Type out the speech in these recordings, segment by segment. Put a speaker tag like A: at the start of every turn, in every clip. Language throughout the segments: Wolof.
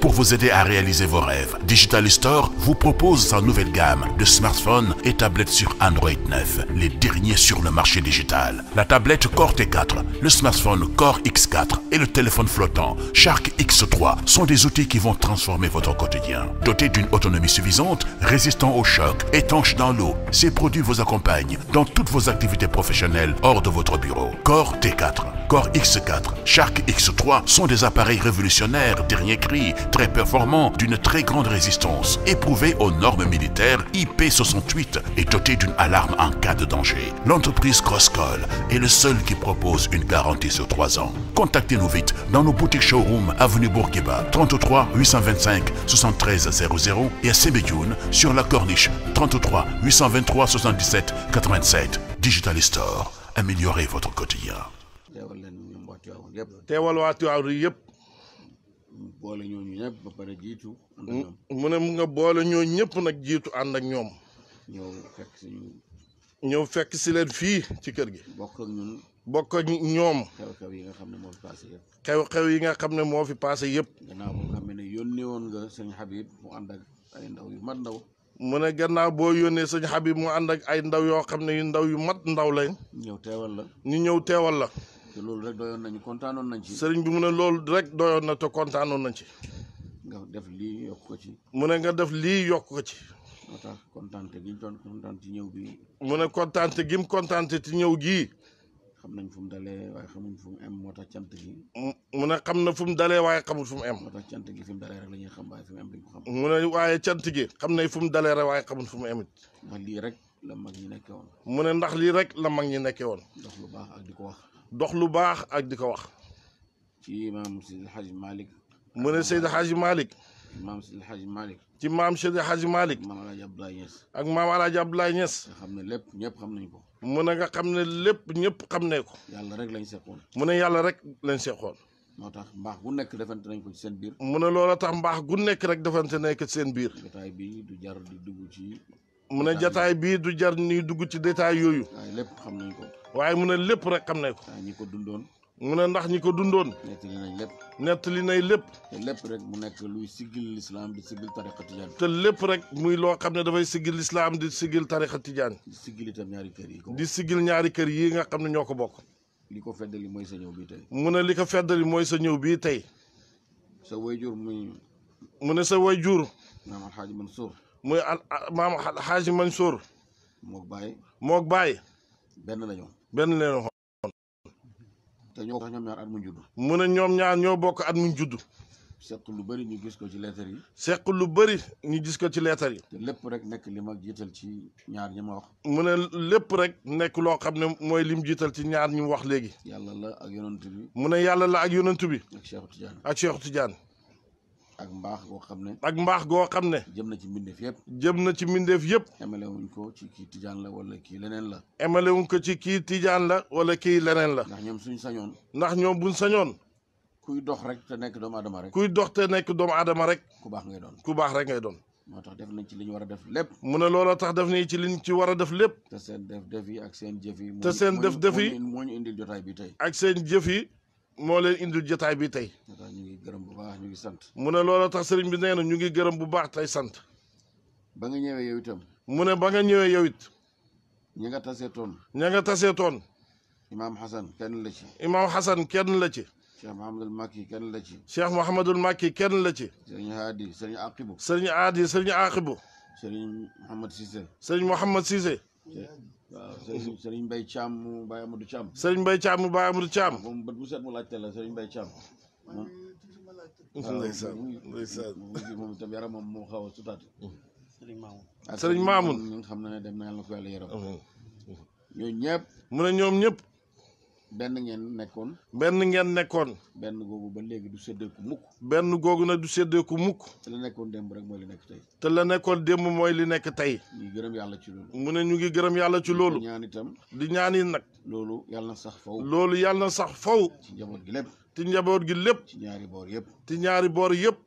A: pour vous aider à réaliser vos rêves. Digital Store vous propose sa nouvelle gamme de smartphones et tablettes sur Android les derniers sur le marché digital. La tablette Core T4, le smartphone Core X4 et le téléphone flottant Shark X3 sont des outils qui vont transformer votre quotidien. Dotés d'une autonomie suffisante, résistant aux chocs, étanches dans l'eau, ces produits vous accompagnent dans toutes vos activités professionnelles hors de votre bureau. très performant d'une très grande résistance, éprouvé aux normes militaires IP68 et doté d'une alarme en cas de danger. L'entreprise Crosscall est le seul qui propose une garantie sur 3 ans. Contactez-nous vite dans nos boutiques showroom avenue Bourguiba et à sur la Corniche 33 améliorez votre quotidien.
B: boole ñooñu ñëpp pare jiitu. mu ne mu nga boole ñooñu ñëpp nag jiitu ànd ak ñoom. ñëw fekk si leen fii ci kër gi. bokk ak ñoom. xew-xew yi nga xam ne moo fi paase yëpp. xew-xew yi nga xam ne moo fi paase yëpp. gannaaw boo xam ne yónnee woon nga sëñ Habib mu ànd ak ay ndaw yu mat ndaw. mu ne gannaaw boo yónnee sëñ Habib mu ànd ak ay ndaw yoo xam ne yu ndaw yu mat ndaw lañ. ñëw teewal la. ñu ñëw teewal la. te loolu rek doyoon nañu kontaanoon nañ ci. sëriñ bi mu ne loolu rek doyoon na te kontaanoon nañ ci. nga def lii ci. mu ne nga def lii yokk ko ci. moo tax kontaante doon ci ñëw bi mu ne kontaante gi mu kontaante te ñëw gii. xam nañ fu mu dalee waaye xamuñ fu moo tax cant gi. mu ne xam na fu mu dalee waaye xamul fu mu em. moo cant gi fi mu dalee rek la ñuy xam waaye fi mu ne waaye cant gi xam nañ fu mu dalee rek waaye xamul fu mu em it. ndax rek la mag ñi nekkee woon. mu ne ndax lii rek la mag ñi nekkee woon. ndax lu baax ak di ko wax. dox lu baax ak di ko wax. ci imaam Seydi Hadji Malick. mu ne Seydi Hadji Malick. maam Seydi Hadji Malick. ci maam Seydi Hadji Malick. maam Alaaji Abdoulaye Niass. ak maam Alaaji Abdoulaye Niass. nga xam ne lépp ñëpp xam nañ ko. mu ne xam ne lépp ñëpp xam ne ko. yàlla rek lañ seqoon. mu ne yàlla rek lañ seqoon. moo tax mbaax gu nekk defante nañ ko ci seen biir. mu ne loola tax mbaax gu nekk rek defante nekk ci seen biir. jotaay bi du jar di ci.
A: mun ne jataay
B: bii du jar ñuy dugg ci détail yooyu. waaye lépp xam waaye mu ne lépp rek xam nañ ko. ñi ko dundoon. mu ndax ñi ko dundoon. nettali nañ lépp. nettali nay lépp. te lépp rek mu nekk luy sigil lislaam di sigil tariqa lépp rek muy loo xam ne dafay sigil lislaam di sigil tariqa tijaan. di sigil itam ñaari kër yi. di sigil ñaari kër yi nga xam ne ñoo ko bokk. li ko feddali mooy sa ñëw bii tey. mu li ko feddali mooy sa ñëw bii tey. sa wayjur muy. mu ne sa wayjur. maam Alxaaji Mansour. muy maam xaaji Mansour mook baay mook baay benn lañu benn lañu xoon te ñoo ñoom ñaar at mu judd mu ne ñoom ñaar ñoo bokk at mu juddu seq lu bëri ñu gis ko ci leetar yi seq lu bëri ñu gis ko ci leetar yi te lépp rek nekk li ma jiital ci ñaar ñi ma wax mu ne lépp rek nekk loo xam ne mooy lim jiital ci ñaar ñi mu wax léegi yàlla la ak yonent bi mu ne yàlla la ak yonent bi ak Cheikh Tidiane ak Cheikh Tidiane ak mbaax goo xam ne. ak mbaax goo xam ne. jëm na ci mbindeef yëpp. jëm na ci mbindeef yëpp. emale wuñ ko ci kii tijaan la wala kii leneen la. emale wuñ ko ci kii tijaan la wala kii leneen la. ndax ñoom suñ sañoon. ndax ñoom buñ sañoon. kuy dox rek te nekk doom aadama rek. kuy dox te nekk doomu aadama rek. ku baax ngay doon ku rek ngay doon. moo tax def nañ ci li ñu war a def lépp. mu ne looloo tax def nañ ci li ñu ci war a def lépp. te seen def-def yi ak seen jëf yi. te seen def-def moo ñu indil jotaay bi tey. ak seen jëf yi moo leen indil jotaay bi tey. ñu ngi gërëm bu baax ñu ngi sant. mu ne loola tax sëriñ bi nee na ñu ngi gërëm bu baax tey sant. ba nga ñëwee yow itam. mu ne ba nga ñëwee yow it. ña nga tasee toon. ña nga tasee toon. imaam Hassan kenn la ci. imaam kenn la ci. cheikh Mouhamadul Makki kenn la ci. cheikh Mouhamadul Makki kenn la ci. sëriñ Haadi sëriñ Aqibu. sëriñ Haadi sëriñ Aqibu. sëriñ Mouhamad Cissé. waaw Serigne Serigne Mbaye Thiam mu Baye Amadou Thiam. Serigne Mbaye Thiam mu Baye Amadou Thiam. moom bët bu set mu laajte la Serigne Mbaye Thiam.
A: ndeysaan
B: ndeysaan moom itam yaram moom moo xaw a sutaat. Serigne Mamoun ak Serigne xam ne dem na yàlla na ko yàlla yaram. ñooñu ñëpp. mu ne ñoom ñëpp. benn ngeen nekkoon. benn ngeen nekkoon. benn googu ba léegi du séddeeku mukk. benn googu nag du ku mukk. te la nekkoon démb rek mooy li nekk tey. te la nekkoon démb mooy li nekk tey. ñu ngi gërëm yàlla ci loolu. mu ne ñu ngi gërëm yàlla ci loolu. di ñaan itam. di ñaani nag. loolu yàlla na sax faw. loolu yàlla na sax fow ci njaboot gi lépp. ci njaboot gi lépp. ci ñaari boor yëpp. ci ñaari boor yëpp.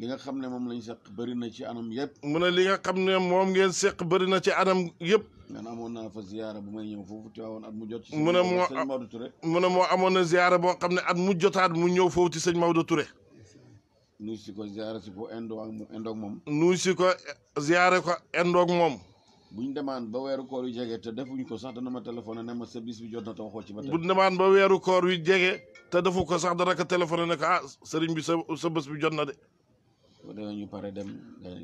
B: li nga xam ne moom lañ seq bëri na ci anam yëpp. mu ne li nga xam ne moom ngeen seq bëri na ci anam yëpp. man amoon naa fa ziyaara bu may ñëw foofu ci waawoon at mu jot. ci sëñ Maodo Touré mu ne moo amoon na ziyaara boo xam ne at mu jotaat mu ñëw foofu ci sëñ Maodo Touré. nuyu si ko ziyaara si ko indoo ak indoog moom. nuyu si ko ziyaara ko indoog moom. buñ demaan ba weeru koor yu jege te defuñ ko sax dana ma téléphoné ne ma sa bi jot na te waxoo ci ba tey. weeru koor yu jege. te defu ko sax dana ko téléphoné ne ko ah sëriñ bi sa sa bés bi jot na de bu demee ñu dem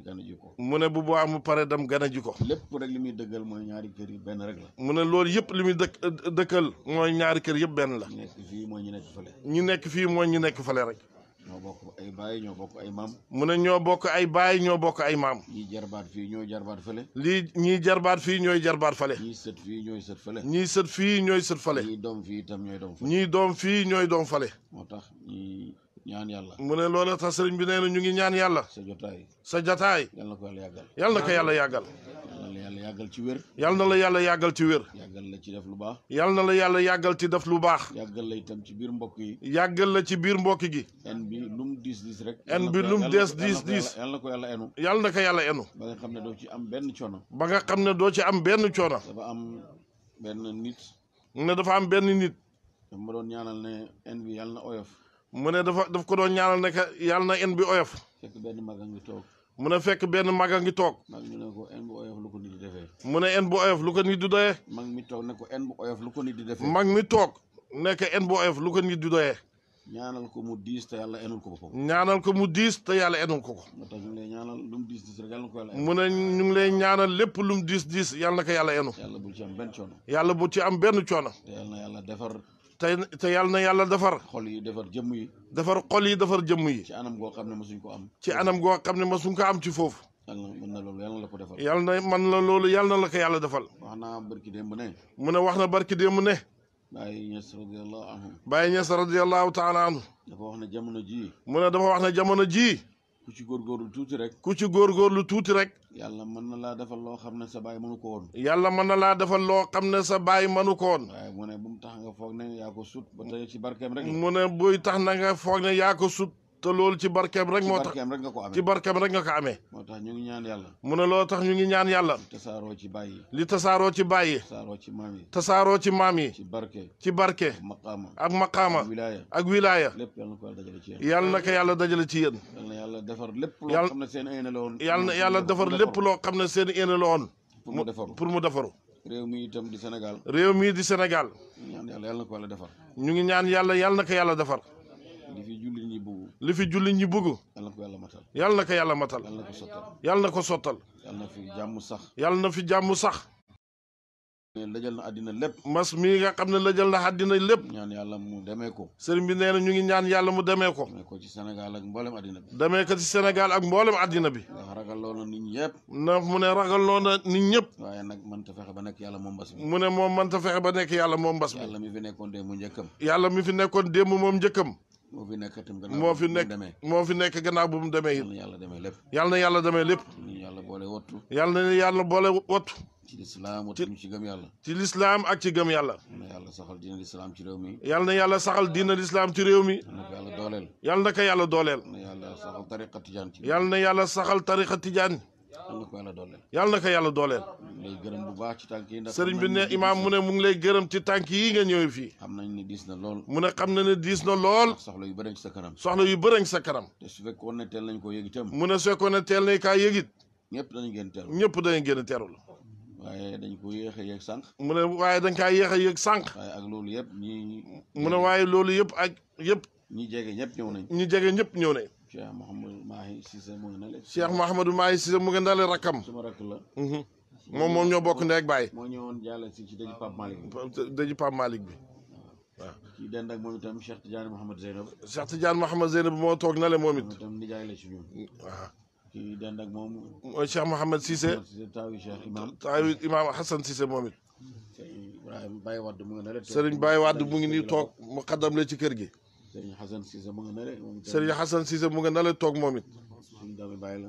B: gana ji ko mu ne bu boobaa mu pare dem gana ji ko lépp rek li muy dëggal mooy ñaari kër yi benn rek la mu ne loolu yëpp li muy dëkk dëkkal mooy ñaari kër yëpp benn la ñu nekk fii mooy ñu nekk fële ñu nekk fii mooy ñu nekk fële rek ñoo bokk ay baay ñoo bokk ay maam mu ne ñoo bokk ay baay ñoo bokk ay maam ñii jarbaat fii ñooy jarbaat fale lii ñii jarbaat fii ñooy jarbaat fële ñii sët fii ñooy sët fële ñi sët fii ñooy sët fële ñii doom fii itam ñooy doom fële doom fii ñooy doom fale moo tax ñii ñaan yàlla mu ne loola tax sëriñ bi ne na ñu ngi ñaan yàlla sa jotaay sa jotaay yal na ko yàlla yàggal yàlla yàggal yàlla yàggal ci wér yal na la yàlla yàggal ci wér yàggal la ci def lu baax yal na la yàlla yàggal ci def lu baax yàggal la itam ci biir mbokk yi yàggal la ci biir mbokk gi en bi lum diis diis rek en bi lum dees diis diis yal na ko yàlla enu yal na ko yàlla enu ba nga xam ne doo ci am benn coono ba nga xam ne doo ci am benn coono dafa am benn nit ne dafa am benn nit dama doon ñaanal ne en bi yàlla na oyof mu ne dafa daf ko doon ñaanal ne yàlla na en bi oyof. benn mag a toog. mu ne fekk benn mag a ngi toog. mag ñu ne ko en bu oyof lu ko nit di defee. bu oyof lu ko nit mag mi toog ne ko en bu oyof lu ko nit di defee. mag mi toog nekk en bu oyof lu ko nit di doyee. ñaanal ko mu diis te yàlla enul ko ko. ñaanal ko mu diis te yàlla enul ko ko. moo tax ñu ngi lay ñaanal mu diis diis na ko yàlla. ñu ngi lay ñaanal lépp lu mu diis diis yàlla na yàlla enu. yàlla bu ci am benn yàlla bu ci am benn coono. te yàlla defar. te te yàlla na yàlla defar. xol yi defar jëmm yi. defar xol yi defar jëmm yi. ci anam goo xam ne masuñ ko am. ci anam goo xam ne masuñ ko am ci foofu. yàlla mën na loolu yàlla la ko defal. yàlla na man la loolu yàlla na la ko yàlla defal. wax naa barki démb ne. mu ne wax na barki démb ne. Baye Niass radiyallahu anhu. Baye Niass radiyallahu taala anhu. dafa wax ne jamono jii. mu ne dafa wax ne jamono jii. ku ci góorgóorlu tuuti rek. ku ci lu tuuti rek. yàlla mën na laa defal loo xam ne sa baay mënu ko woon. yàlla mën na laa defal loo xam ne sa baay mënu ko woon. waaye ne bu mu tax nga foog ne yaa ko ba tey ci barkeem rek. mu ne buy tax na nga foog ne yaa sut. te loolu ci barkeem rek moo tax ci barkeem rek nga ko amee moo tax ñu ngi ñaan yàlla mu ne loo tax ñu ngi ñaan yàlla li tasaaroo ci baay li tasaaroo ci baay yi ci maam yi tasaaroo ci maam yi ci barke ci barke maqaama ak maqaama ak wilaaya lépp yàlla na ko yàlla dajale ci yéen yàlla na yàlla dajale ci yéen defar lépp loo xam ne seen yéene la woon yàlla na yàlla defar lépp loo xam ne seen yéene la woon pour mu defaru pour mu defaru réew mi itam di Sénégal réew mii di Sénégal ñu ngi ñaan yàlla yàlla na ko yàlla defar ñu ngi ñaan yàlla yàlla na ko yàlla defar li fi julli ñi bëgg li fi julli ñi bëgg yàlla na ko yàlla matal yàlla na ko yàlla matal yàlla na ko sottal yàlla na ko sottal yàlla na fi jàmm sax yàlla na fi jàmm sax lëjal na àddina lépp mas mii nga xam ne lëjal na àddina lépp ñaan yàlla mu demee ko sëriñ bi ñu ngi ñaan yàlla mu demee ko demee ko ci Sénégal ak mboolem addina bi demee ko ci Sénégal ak mboolem àddina bi ndax ragaloo na nit ñëpp na mu ne ragaloo na nit ñëpp waaye nag mënta fexe ba nekk yàlla moom mbas mi mu ne moom mënta fexe ba nekk yàlla moom mbas mi yàlla mi fi nekkoon démb njëkkam yàlla mi fi nekkoon démb moom njëkkam moo fi nekk itam gannaaw moo fi nekk moo fi nekk gannaaw bu mu demee it. yàlla demee lépp. yàlla na yàlla demee lépp. yàlla boole wattu. yàlla na yàlla boole wattu. ci lislaam wattu ci gëm yàlla. ci lislaam ak ci gëm yàlla. yàlla na yàlla saxal diina lislaam ci réew mi. yàlla na yàlla saxal diina lislaam ci réew mi. yàlla na ko yàlla dooleel. yàlla na ko yàlla dooleel. yàlla na yàlla saxal tariqa tijaan. yàlla na yàlla saxal tariqa tijaan. yàlla na ko yàlla dooleel. yàlla na yàlla dooleel. lay gërëm bu baax ci tànk yi ndax. sëriñ bi ne imaam mu mu ngi lay gërëm tànk yi nga ñëwee fii. xam nañ ne diis na lool. mu ne xam na ne diis na lool. soxla yu bëri sa kanam. soxla yu bëri sa karam te su fekkoon ne teel nañ ko yëg itam. mu ne su fekkoon ne teel nañ kaa yëg it. ñëpp dañu gën teeru. ñëpp dañu gën teeru la. waaye dañ ko yéex a yéeg sànq. mu ne waaye dañ kaa yéex a yéeg sànq. waaye ak loolu yëpp ñii. mu ne waaye loolu yëpp ak yëpp. ñi jege ñëpp ñëw nañ. ñi jege ñëpp ñëw nañ. Cheikh Mouhamadou Mahi Cissé mu ngi nale. Cheikh Mouhamadou Mahi Cissé mu ngi nale rakkam. sama rakk la. Mhm. moom moom ñoo bokk ndey ak baay. moo ñëwoon jàll si ci dëj Pape Malick bi. dëj Pape Malick bi waaw. kii dend ak moom itam Cheikh Tidiane Mouhamed Zeynab. Cheikh Tidiane Mouhamed Zeynab moo toog nale moom it. moom itam nijaay la ci ñun. waaw. kii dend ak moom. mooy Cheikh Mouhamed Cissé. taawi Cheikh Imaam taawi Imaam Hassan Cissé moom it. Ibrahima Baye Wade mu ngi nale. Serigne Baye Wade mu ngi nii toog mu xaddam la ci kër gi. Serigne Hassan Cissé mu nga nale. Serigne Hassan Cissé mu nga nale toog moom it. suñu doomi bàyyi la.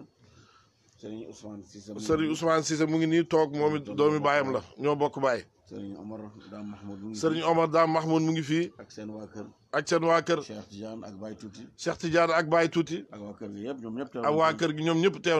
B: Serigne Ousmane Cissé mu Serigne mu ngi nii toog moom it doomi bàyyam la ñoo bokk bàyyi. Serigne Omar Dame Mahmoud mu ngi. Serigne Omar Dame Mahmoud mu ngi fii. ak seen waa kër. ak seen kër. Cheikh Tidiane ak Baye Tuuti. Cheikh Tidiane ak Baye Tuuti. ak waa ñoom ñëpp kër gi ñoom ñëpp teew